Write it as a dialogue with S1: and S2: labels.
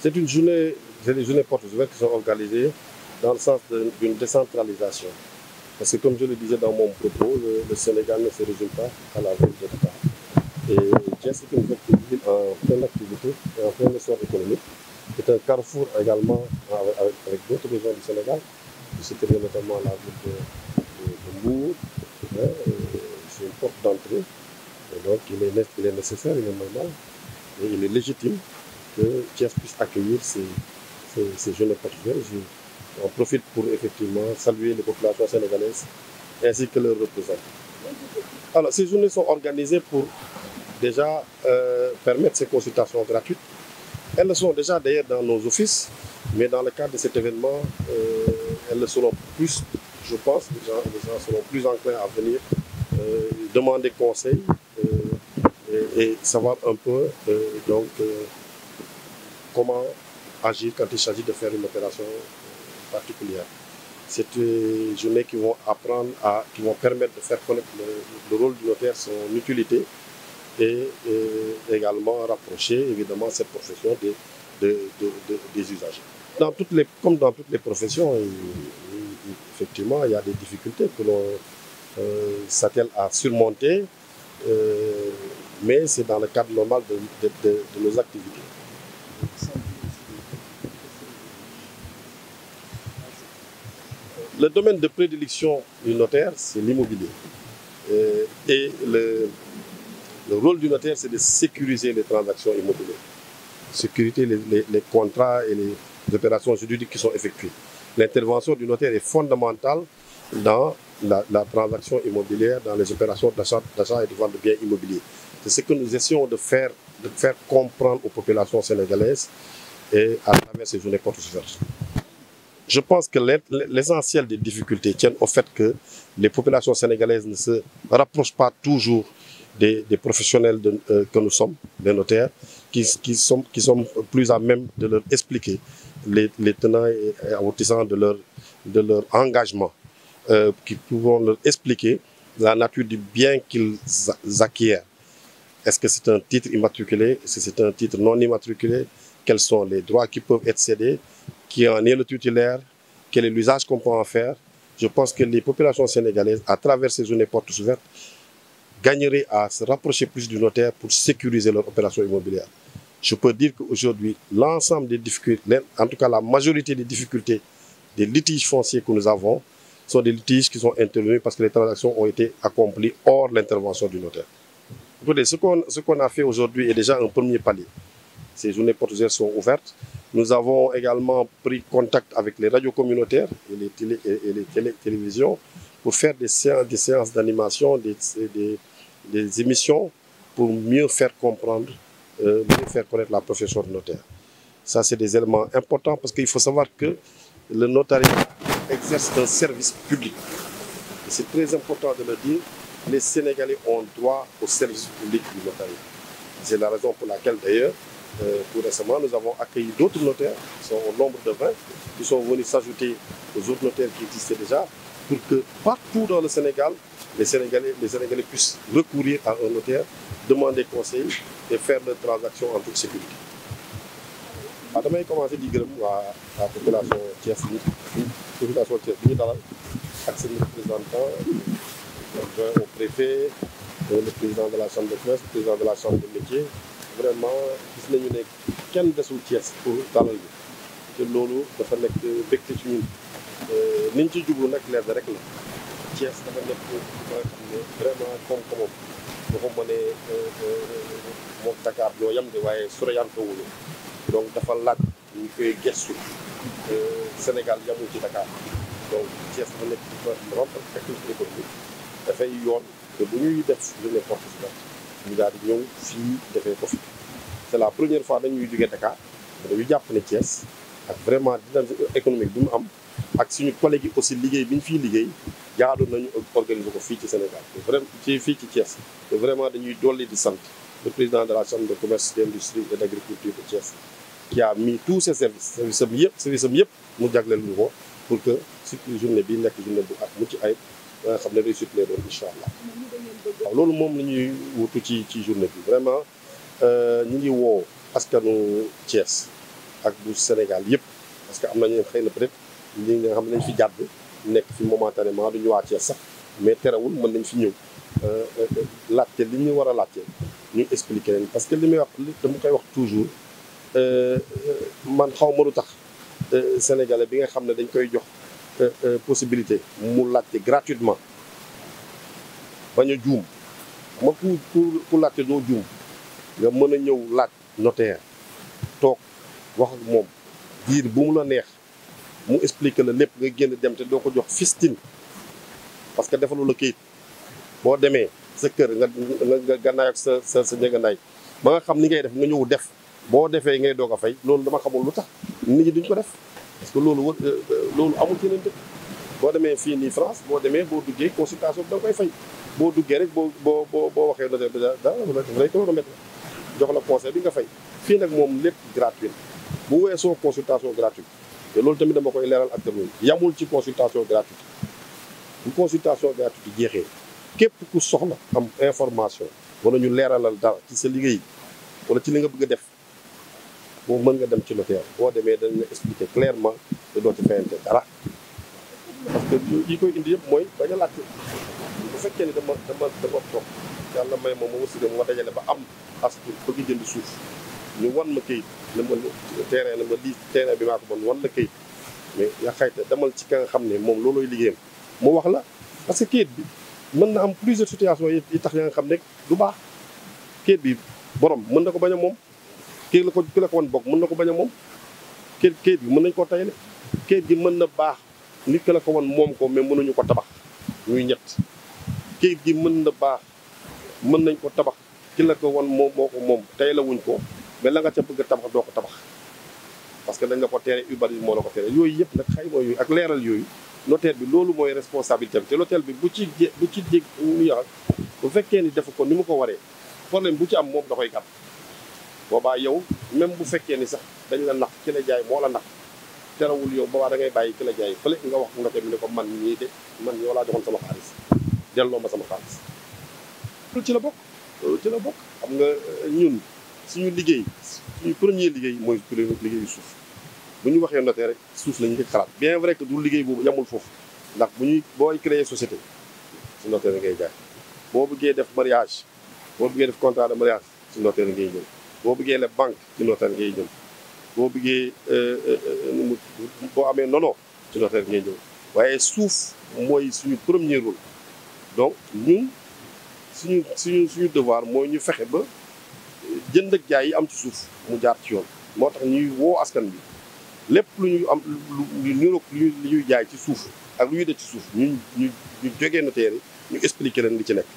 S1: C'est une journée, c'est des journées portes qui sont organisées dans le sens d'une décentralisation. Parce que comme je le disais dans mon propos, le, Sénégal ne se résume pas à la ville de Dakar. Et Thiès est une ville en pleine activité et en plein essor économique. C'est un carrefour également avec, d'autres régions du Sénégal. Je citerai notamment la ville de, de, de Mbourg, hein, c'est une porte d'entrée. il est, nécessaire, il est il est légitime que Kiev puisse accueillir ces, ces, ces Je, on profite pour effectivement saluer les populations sénégalaises ainsi que leurs représentants. ces journées sont organisées pour déjà euh, permettre ces consultations gratuites. Elles sont déjà dans nos offices, mais dans le cadre de cet événement, euh, elles le seront plus, je pense, les gens, les gens seront plus enclins à venir euh, demander conseil euh, et, savoir un peu euh, euh, comment agir quand il s'agit de faire une opération particulière. C'est des journées qui vont apprendre à, qui vont permettre de faire connaître le, rôle du notaire, son utilité et, également rapprocher évidemment cette profession des usagers. dans toutes les, comme dans toutes les professions, il, effectivement, il y a des difficultés que l'on euh, à surmonter, euh, mais c'est dans le cadre normal de, de, de, de nos activités. Le domaine de prédilection du notaire, c'est l'immobilier. Euh, et le, le, rôle du notaire, c'est de sécuriser les transactions immobilières, sécuriser les, les, les contrats et les, opérations juridiques qui sont effectuées. L'intervention du notaire est fondamentale dans la, la transaction immobilière, dans les opérations d'achat et de vente de biens immobiliers. C'est ce que nous essayons de faire, comprendre aux populations sénégalaises et à travers ces journées Je pense que l'essentiel des difficultés tiennent au fait que les populations sénégalaises ne se rapprochent pas toujours des, des professionnels de, euh, que nous sommes, des notaires, qui, sont, plus à même de leur expliquer les, les tenants et, et de leur, de leur engagement, euh, qui pouvons leur expliquer la nature du bien qu'ils acquièrent. Est-ce que c'est un titre immatriculé Est-ce que c'est un titre non immatriculé Quels sont les droits qui peuvent être cédés Qui en est le tutélaire qu'on peut en faire Je pense que les populations sénégalaises, à travers ces zones et portes gagneraient à se rapprocher plus du notaire pour sécuriser leur opération immobilière. Je peux dire qu'aujourd'hui, l'ensemble des difficultés, en tout cas la majorité des difficultés des litiges fonciers que nous avons, sont des litiges qui sont intervenus parce que les transactions ont été accomplies hors l'intervention du notaire. Écoutez, ce qu'on qu a fait aujourd'hui est déjà un premier palier. Ces journées portugaises sont également pris avec les radios communautaires et les, télé, et les télé, télévisions pour faire des séances, des d'animation, des émissions pour mieux faire comprendre euh, mieux la profession de notaire. Ça, c'est des éléments importants parce qu'il faut savoir que le notariat exerce un service public. C'est très important de le dire. Les Sénégalais ont droit au service public du notariat. C'est la raison pour laquelle, d'ailleurs, euh, tout récemment, nous avons accueilli d'autres notaires, qui sont au nombre de 20, qui sont venus s'ajouter aux autres notaires qui existaient déjà, pour que partout dans le Sénégal, les Sénégalais, puissent recourir à un notaire, demander et faire leurs transactions en toute sécurité waaw damay commencé di gërëm waa waa population Thiès bi population Thiès bi ñu dalal ak seen représentant adjoint au préfet le président de la chambre de commerce président de la chambre de métier vraiment gis nañu ne kenn desul Thiès pour dalal bi te loolu dafa nekk mbégte ci ñun euh, niñ ci jublu nag leer rek la Thiès dafa nekk ba nga xam ne vraiment koom waxuma ne euh, euh, moom Dakar ñoo yem de waaye soreyantewuñu donc dafa laaj ñu koy gestu euh, Sénégal yemul ci Dakar donc Thiès dafa nekk dafa rompre activité dafay yoon te bu ñuy def journée porte ouverte ñu daal di ñëw fii defee ko fi c'est la première fois dañuy jógee Dakar dañuy jàpp ne cees ak vraiment dynamique économique bi mu am ak suñu collègue yi aussi liggéey bi ñu fiy liggéey jaadu nañu organiser ko fii ci Sénégal vraiment ci fii ci Thiès te vraiment dañuy dolli di sant le président de la chambre de commerce d'industrie et d'agriculture de Thiès qui a mis tous ses services service am yëpp yëpp mu jagleel ñu ko pour que surtout journée bi nekk journée bu at mu ci ay ba nga xam ne réussite lay doon incha loolu moom la ñuy wutu ci ci journée bi vraiment euh, ñu ngi woo askanu Thiès ak bu Sénégal yëpp parce que am nañu xëy na peut-être ñi xam ne fi jàdd nekk fi momentanément duñu waa Thiès sax mais terewul mën nañ fi ñëw euh, euh, laajte li ñu war a laajte ñu expliquer leen parce que li may wax dama koy wax toujours euh, man xaw ma lu tax sénégalais bi nga xam ne dañ koy jox possibilité mu laajte gratuitement bañ a juum ma ku ku laajte doo juum nga mën a ñëw laaj notaire toog wax ak moom diir bu mu la neex mu expliquer la lépp nga génn dem te doo ko jox fistine parce que defaloo la kayit boo demee sa kër nga nga gànnaay ak sa sa sa njëganaay ba nga xam ni ngay def nga ñëw def boo defee ngay doog a fay loolu dama xamul lu tax nit ñi duñ ko def parce que loolu war euh, euh, loolu amul ci yeneen dëkk boo demee fii nii France boo demee boo duggee consultation bi da nga koy fay boo duggee rek boo boo boo boo waxee notaire bi da lay chronomètre la jox la conseil bi nga fay fii nag moom lépp gratuit bu weesoo consultation gratuite te loolu tamit dama koy leeral acteur yi yamul ci consultation gratuite bu consultation gratuite jeexee képp ku soxla am information na ñu leeralal dara ci sa liggéey wala ci li nga bëgg a def boo mën nga dem ci notaire boo demee dañ la expliquer clairement te doo ci fayante dara parce que yi koy indi yëpp mooy bañ a laajte fekkee ni dama dama dama toog yàlla may ma ma wërsëgam ma dajale ba am as tuut bëgg jënd suuf ñu wan ma këyit la ma terrain la ma lii terrain bi maa ko bon wan la këyit mais yaa xayta demal ci ka nga xam ne moom loolooy liggéeyam mu wax la parce que këyit bi mën na am plusieurs situations yi tax ya nga xam ne du baax këyit bi borom mën na ko bañ a moom kii la ko ki la mën na ko bañ a moom këyit këyit bi mën nañ koo tayale këyit gi mën na baax nit ki la ko wan moom ko mais mënuñu ko tabax ñett kayit gi mën na baax mën nañ ko tabax ki la ko wan moom moo ko moom tey la wuñ ko mais la nga ca bëgg a tabax doo ko tabax parce que dañ la ko tere urbanisme moo la ko tere yooyu yëpp nag xayma yooyu ak leeral yooyu notaire bi loolu mooy responsabilité bi te notaire bi bu ci jé bu ci jég ñu bu fekkee ni def ko ni mu ko waree problème bu ci am moom da koy gàtt boobaa yow même bu fekkee ni sax dañ la nax ci la jaay moo la nax terewul yow boobaa da ngay bàyyi ki la jaay fële nga wax ne ko man ñii de laa joxoon sama delloo ma sama xaalis loolu ci la bokk loolu ci la bokk xam nga euh, ñun suñu liggéey suñu premier liggéey mooy liggéeyu suuf bu ñu waxee notaire rek suuf la ñu njëkk xalaat bien vrai que du liggéey boobu yamul foofu ndax bu ñuy booy créer société ci notaire ngay jaay boo buggee def mariage boo buggee def contrat de mariage ci notaire ngay jëm boo bëggee la banque ci notaire ngay jëm boo bëggee euh, euh, boo amee nono ci notaire ngay jëm waaye suuf mooy suñu premier rôle donc ñun suñu suñu suñu devoir mooy ñu fexe ba jënd ak jaay yi am ci suuf mu jaar ci yoon moo tax ñuy woo askan bi lépp lu ñu am lu ñu lu ñuy jaay ci suuf ak lu ñuy def ci suuf ñu ñu ñu jógee ñu expliquer leen li ci nekk